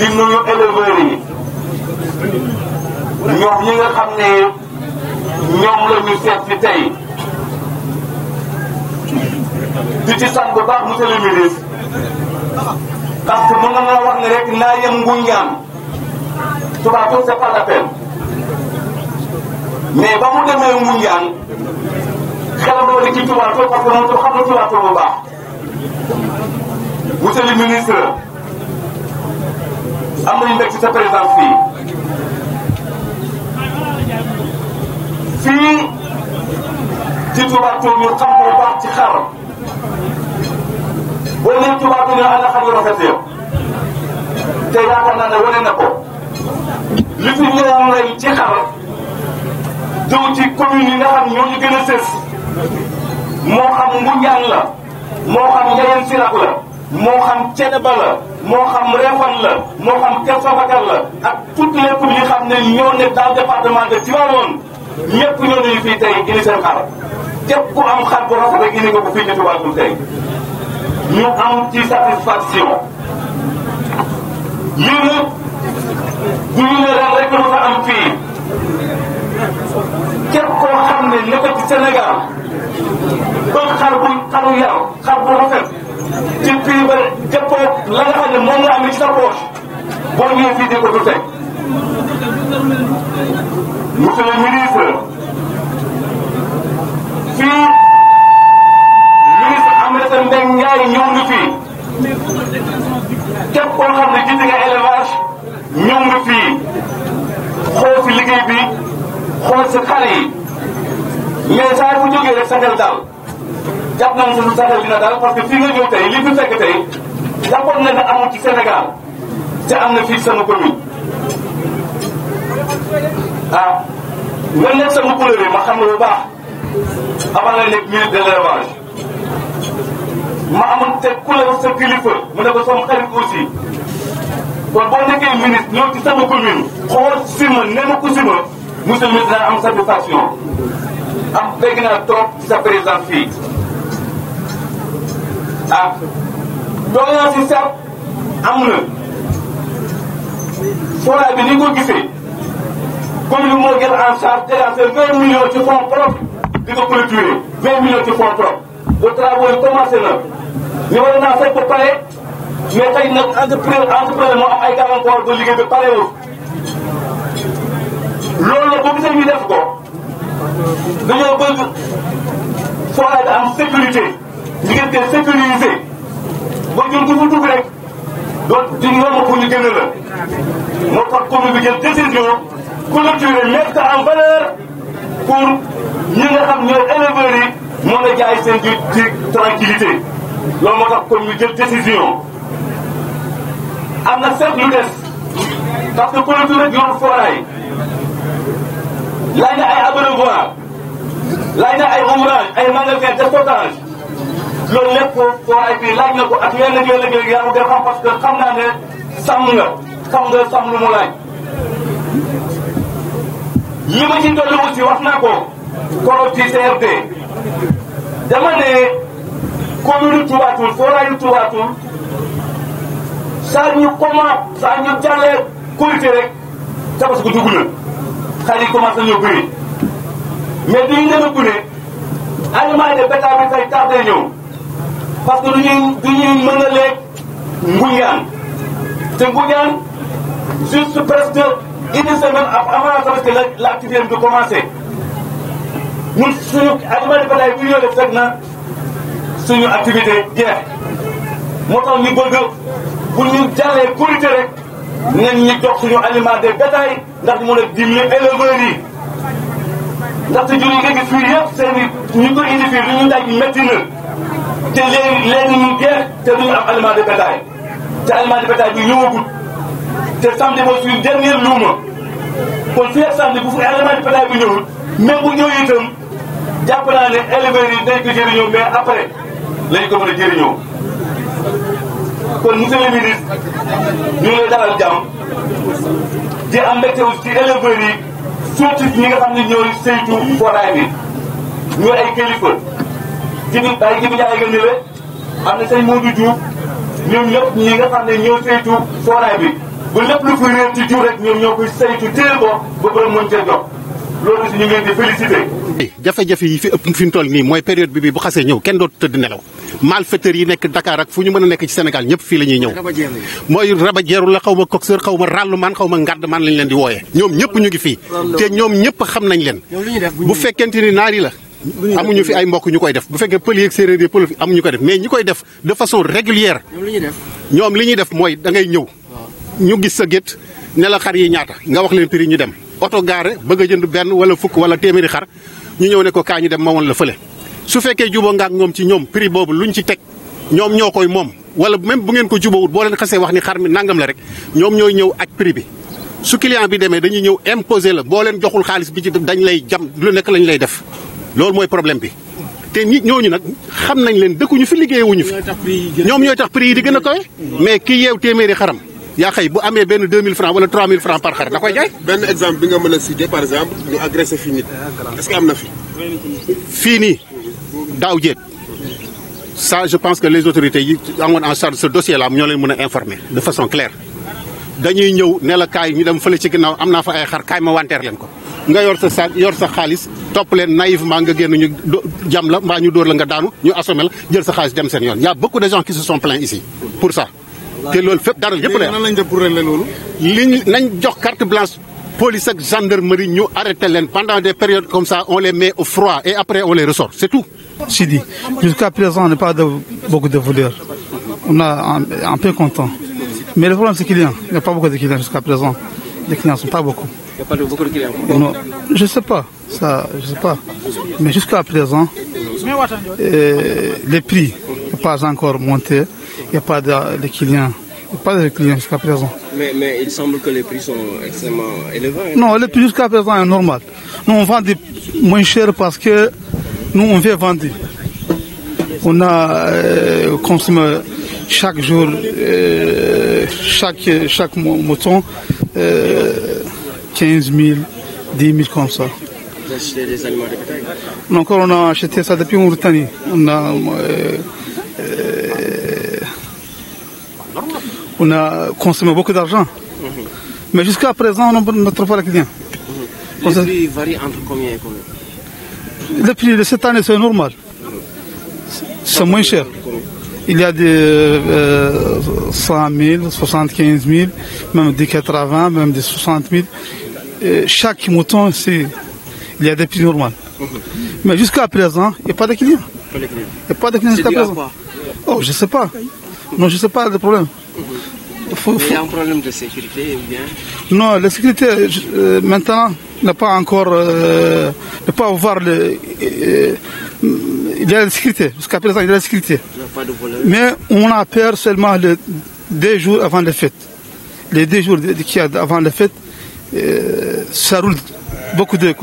di nuyu éleveurs yi ñoom ñi nga xam ne ñoom la ñu seet si tey di ci sant bu baax monsieur le ministre parce que mën na naa wax rek naa yem Ngoundiane Touba Toul c'est pas ba mu demee Ngoundiane xelam doo di ci Touba Toul parce que moom xam na Touba ministre am nañu nekk sa présidence fii fii ci Touba Toul ñu xam ko baax ci xaram boo nee Touba Toul ñu ànd xam yu rafet yow te yaakaar naa na ko li fi ñëwoon lay ci xaram jëw ci commune yi nga xam ñoo ñu gën a sës moo xam Ngoundiane la moo xam la. moo xam Ceneba la moo xam Réfane la moo xam Kër la ak toutes les communes xam ne ñoo ne dans département de Tivaouane ñëpp ñoo nuyu fii tey indi seen xar képp ku am xar bu rafet rek indi ko bu fii ci Tivaouane tey ñu am ci satisfaction yi nag bu ñu ne ren rek lu fa am fii képp koo xam ne nekk ci Sénégal ba xar bu xaru yar xar bu rafet ci biibal jëppoog la moom nga am li ci sa poche boo ñëwee fii ko du teg monsieur le ministre fii ministre Aminata Mbengue Ndiaye ñëw na fii képp koo xam ne jiite nga élevage ñëw nga fii xool si liggéey bi xool si xar yi mais saa fu sa xel jàpp nañu ne lu tax dina dal parce que fii nga ñëw tey li fi fekk tey jàppoon na ne amul ci Sénégal te am na fii sama commune ah nga nekk sama couleur yi ma xam ne bu baax avant la nekk ministre de l'élevage ma amoon te couleur sa kilifa mu ne ko sama xarit aussi kon boo nekkee ministre ñëw ci sama commune xool si ma ne ma ko si mu monsieur le ministre am satisfaction am dégg naa top ci sa présidence fii ah doléance yi sax am na forage bi ni nga ko gisee commune bi moo jël en charge dégagé vingt millions ci fonds propres di ko clôturer vingt millions ci fonds propres ba travaux yi na ñu war naa fekk ba pare mais tey nag entreprise entreprise moo am ay gàllankoor ba liggéey bi parewul loolu la boo gisee ñu def ko dañoo bëgg forage am sécurité diggante sécurisé ba ñun ku fa dugg rek doon di yomb pour ñu génn la moo tax commune bi jël décision clôturer mettre am valeur pour ñi nga xam ñooy éleveurs yi mën a jaay seen ji ci tranquillité loolu moo tax commune bi jël décision am na seet lu des parce que clôturer yoon foraay laaj na ay abreuvoir laaj na ay ombrage ay magasin de stockage loolu lépp waaye bi laaj na ko ak yenn liggéey liggéey yaa ngi koy xam parce que xam naa ne sàmm nga xam nga sàmm lu mu laaj. li ma ci dolli aussi wax naa ko koro ci CRD dama ne commune Touba Toul forage Touba Toul saa ñu commencé saa ñu jàllee qualité rek Tabaski dugg na xar yi commencé nañoo bëri mais dañu demee bu ne aliment de bétail bi fay tardé ñëw. parce que du ñu du ñu mën a lekk Ngoundiane te Ngoundiane juste presque une semaine avant Tabaski la la activité bi di commencé ñun suñu animal de bétail bu ñu yore fekk na suñu activité jeex moo tax ñu bëgg bu ñu jàllee Korité rek nañ ñu jox suñu animal de bétail ndax mu mën a dimbali éleveurs yi. ndaxte jur yi nga gis fii yëpp seen i ñu ko fii lu ñu daj métti te léegi léegi ñu jeex te duñu am aliment de bétail te aliment de bétail bi ñëwagul te samedi mooy suñu dernier luuma kon fii ak samedi bu fi aliment de bétail ñëwul même bu ñëw itam jàpp naa ne éleveurs yi ko jëriñoo mais après lañ ko mën a jëriñoo kon monsieur le ministre ñu ngi lay jàmm di am mbégte ci éleveurs yi surtout ñi nga xam ne ñooy saytu foraay bi ñooy ay kilifa. ñoom ñëpp ñi nga xam ne ñoo ñu ngeen di eh, jafe-jafe yi fi ëpp fi nii mooy période bi bi bu xasee ñëw kenn dootu tëdd nelaw malfaiteurs yi nekk Dakar ak fu ñu mën a nekk ci Sénégal ñëpp fii la ñuy ñëw mooy rabajeeru la xaw ma coxeur xaw ma ràllu man xaw ma ngàdd man lañ leen di wooyee ñoom ñëpp ñu ngi fii te ñoom ñëpp xam nañ leen bu fekkente ni naari la amuñu fi ay mbokk ñu koy def bu fekkee pël yeeg séeréer yi pël amuñu koy def mais ñu koy def de façon régulière. ñoom li ñuy def mooy da ngay ñëw. ñu gis sa gétt ne xar yi ñaata nga wax leen prix ñu dem oto gaare bëgg a jënd benn wala fukk wala téeméeri xar ñu ñëw ne ko kaa ñu dem ma woon la fële. su fekkee juboo nga ak ñoom ci ñoom prix boobu lu ñu ci teg ñoom ñoo koy moom wala même bu ngeen ko jubawut boo leen xasee wax ni xar mi nangam la rek ñoo ñooy ñëw ak prix bi. su client bi demee dañuy ñëw imposer la boo leen joxul xaalis bi ci dañ lay jam lu nekk lañ lay def loolu mooy problème bi te nit ñooñu nag xam nañ leen dëkkuñu fi liggéeyewuñu fi ñoom ñooy tax prix yi di gën a kawe mais kii yeew téeméeri xaram yaa xëy bu amee benn mille francs wala 3000 francs par xar da koy jaay. benn exemple a cité par exemple ñu agressé fi nit est fii nii daaw jéeg ça je pense que les autorités yi amoon en charge ce dossier là ñoo leen mën a informer de façon claire dañuy ñëw ne la kaay ñu dem fële ci ginnaaw am naa fa ay xar kaay ma wanteer leen ko. nga yor sa yor sa xaalis topp leen naïvement nga génn ñu jam la mbaa ñu door la nga daanu ñu assommé la jël sa xaalis dem seen yoon y' a beaucoup de gens qui se sont plaints ici pour ça. te loolu fépp dara yëpp la nañ jox carte blanche police ak gendarmerie ñu arrêté leen pendant des périodes comme ça on les met au froid et après on les ressort c'est tout. Sidi, jusqu'à présent on pas de, beaucoup de voleurs. On a peu content. Mais le problème c'est qu'il n'y a, a pas beaucoup de clients jusqu'à présent. les clients sont pas beaucoup. a Non, je sais pas, ça, sais pas. Mais jusqu'à présent, euh, prix n'ont pas encore monté. Il n'y a pas de, prix sont extrêmement élevés. Non, les prix jusqu'à présent est normal. Nous, on moins cher parce que nous, on veut euh, chaque jour, euh, chaque mouton, 15 000, 10 000 comme ça. Vous achetez des aliments de bétail Encore, on a acheté ça depuis Mauritanie. On a, euh, euh, on a consommé beaucoup d'argent. Mm -hmm. Mais jusqu'à présent, on ne trouve pas les clients. Mm -hmm. Les prix varient entre combien et combien Le prix de cette année, c'est normal. Mm -hmm. C'est moins cher. il y a des euh, 100 000, 75 000, même chaque mouton, c'est, il y a des Mais jusqu'à présent, il a pas de clients. a pas Oh, je ne sais pas. Non, je sais pas le problème. Non, la sécurité, euh, maintenant, euh, n'a pas ouvert le. Euh, il y a la sécurité, jusqu'à présent, il y a la sécurité. Mais on a peur seulement les deux jours avant les fêtes. Les deux jours qu'il y a avant les fêtes, euh, ça roule beaucoup de,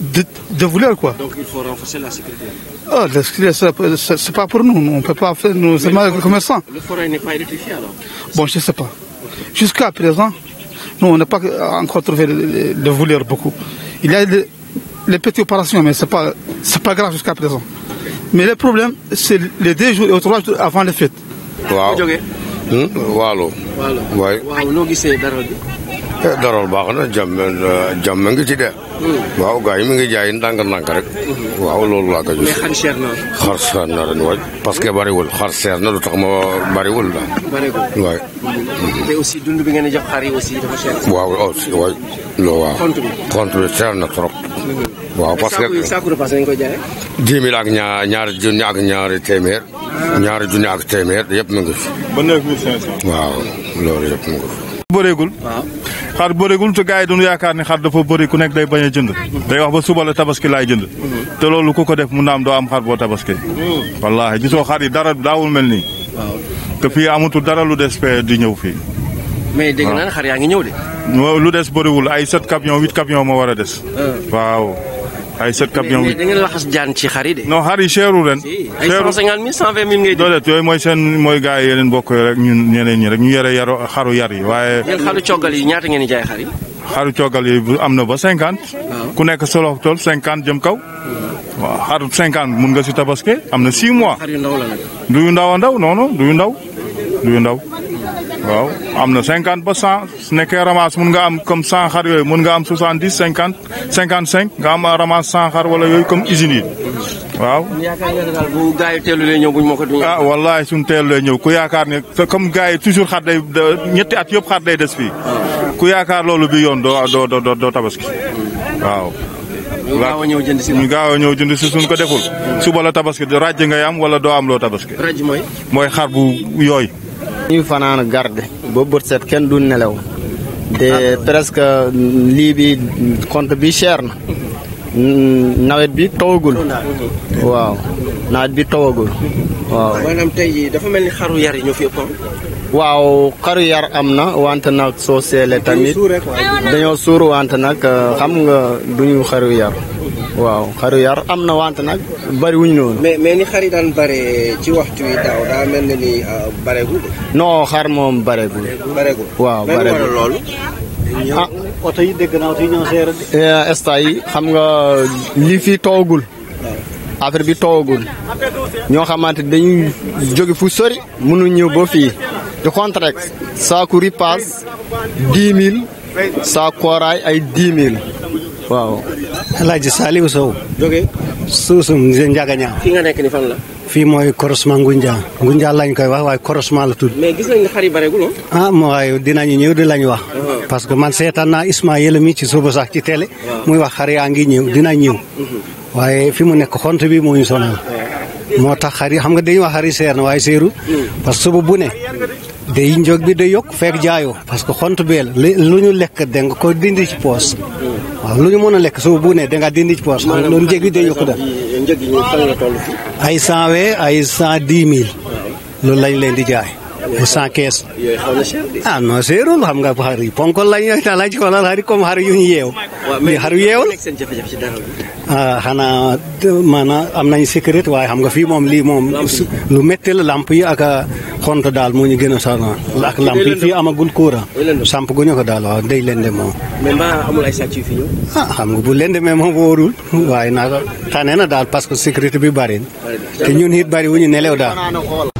de, de, voleurs. Quoi. Donc il faut renforcer la sécurité Ah, la sécurité, ce n'est pas pour nous. On ne peut pas faire, nous seulement les commerçants. Le forêt n'est pas électrifié alors Bon, je ne sais pas. Okay. Jusqu'à présent, nous, on n'a pas encore trouvé le, le, le voleur beaucoup. Il y a les petites opérations, mais ce n'est pas, pas grave jusqu'à présent. Mais le problème, c'est les deux jours et trois jours avant les fêtes. waaw. Hmm? waaw. waaw noo gisee dara bi. daral eh, baax na jàmm eh, jàmm ngi ci de. Mm. waaw gars yi mi ngi jaay ndànk-ndànk rek. Mm-hmm. waaw loolu laa koy xar seer na. xar ren waay parce que bariwul xar seer na tax ma bariwul daal. bariwul mm-hmm. di jox xar yi aussi waaw aussi oh, waay. na trop. Mm-hmm. waaw parce que saako saako repas nañ ñaar junni ak ñaari téeméer. Ah. ñaari junni ak téeméer yëpp mu waaw loolu yëpp mu waaw. xar bëreegul te gars yi duñu yaakaar ne xar dafa bëri ku nekk day bañ a jënd day wax ba suba la tabaski laay jënd te loolu ku ko def mun na am doo am xar boo tabaski wallaahi gisoo xar yi dara daawul mel nii te fii amatul dara lu des pe di ñëw fii mais dégg naa xar yaa ngi ñëw de lu des bëriwul ay set camion huit camion moo war a des ah. waaw ay sept camions. mais da ngeen laxas jaan ci xar yi de. non xar yi seerul ren. ay cent cinquante mille yooyu mooy seen mooy gars yi yeneen bokk rek ñun ñeneen ñi rek ñu yore yaru xaru yar yi waaye. yéen xaru coggal yi ñaata ngeen di jaay xar yi. xaru coggal yi am na ba cinquante. ku nekk solo tool cinquante jëm kaw. waaw xaru cinquante mun nga si tabaske am na six mois. xar yu ndaw yu ndaw a ndaw non non ndaw. waaw am na cinquante ba cent su nekkee ramasse mun nga am comme cent xar yooyu mun nga am soixante dix cinquante cinquante cinq nga am ramasse cent xar wala yooyu comme usine yi waaw. yaakaar nga ne daal bu gaa yi teelulee ñëw buñ mokkatuñu. ah wallaahi suñ teelulee ñëw ku yaakaar ne comme gaa yi toujours xar day ñetti at yëpp xar day des fii ku yaakaar loolu bi yoon doo doo doo tabaski waaw. ñu gaaw ñëw jënd si ñu ñëw jënd si suñ ko deful. suba la tabaski ràjj ngay am wala doo am loo tabaski. ràjj mooy. mooy xar bu yooyu. ñuy fanaan garde ba bët set kenn du nelaw te presque lii bi compte bi cher na nawet bi tawagul waaw nawet bi tawagul waaw dafa mel ni xaru yar yi ñoo am na wante nag soo seelee tamit dañoo suur wante nag euh, xam nga duñu xaru yar waaw xaru yar am na wante nag bari wuñ noonu. mais mais ni xar yi daan bare ci waxtu wi daaw daa mel ne ni euh, bareegul. non xar moom bareegul. bareegul waaw bareegul loolu. ah oto yi dégg naa oto yi ñoo seer esta eh, yi xam nga li fi toogul. affaire bi toogul ñoo xamante dañuy jóge fu sori mënu ñëw ba fii di contract saaku ripaas dix mille ay dix mille waaw El Hadj Saliou suusum Njagañaa. fii nga nekk ni fan la. mooy Korosma Ngunja Ngunja lañ koy wax waaye Korosma la tudd. mais gis nañ ne xar ah moo waaye dinañu ñëw di lañ wax. Uh-huh. parce que man seetaan naa Ismaïla mi ci suba sax ci télé. muy wax xar yaa ngi ñëw dinañ ñëw. Mm-hmm. waaye fi mu nekk xont bi moo ñu sonal. moo tax xar xam nga dañuy wax xar seer na waaye seeru. Mm. parce suba bu ne. day njóg bi day yokk fekk jaayo parce que xont bee la lu ñu lekk dégg nga dindi ci poos. waaw lu ñu mën a lekk suba bu ne dangaa dindi ci poche xam loolu njëg yi day yokk ay cent we ay cent dix mille loolu lañ leen di jaay bu cent quinze. yooyu na cher xam nga xar yi ponkol lañ yooyu daal lañ ci xoolal xar yi comme xar yu ñu maanaam am nañ sécurité waaye xam nga fii moom lii moom. lu métti la lamp yi ak xont daal moo ñu gën a sonal. ak lamp yi fii amagul courant. samp guñu ko daal waaw day lënd moom. ah xam nga bu lënd mais moom wóorul. waaye naa tane daal parce que sécurité bi bari na. ñun it bari wu ñu nelew daal.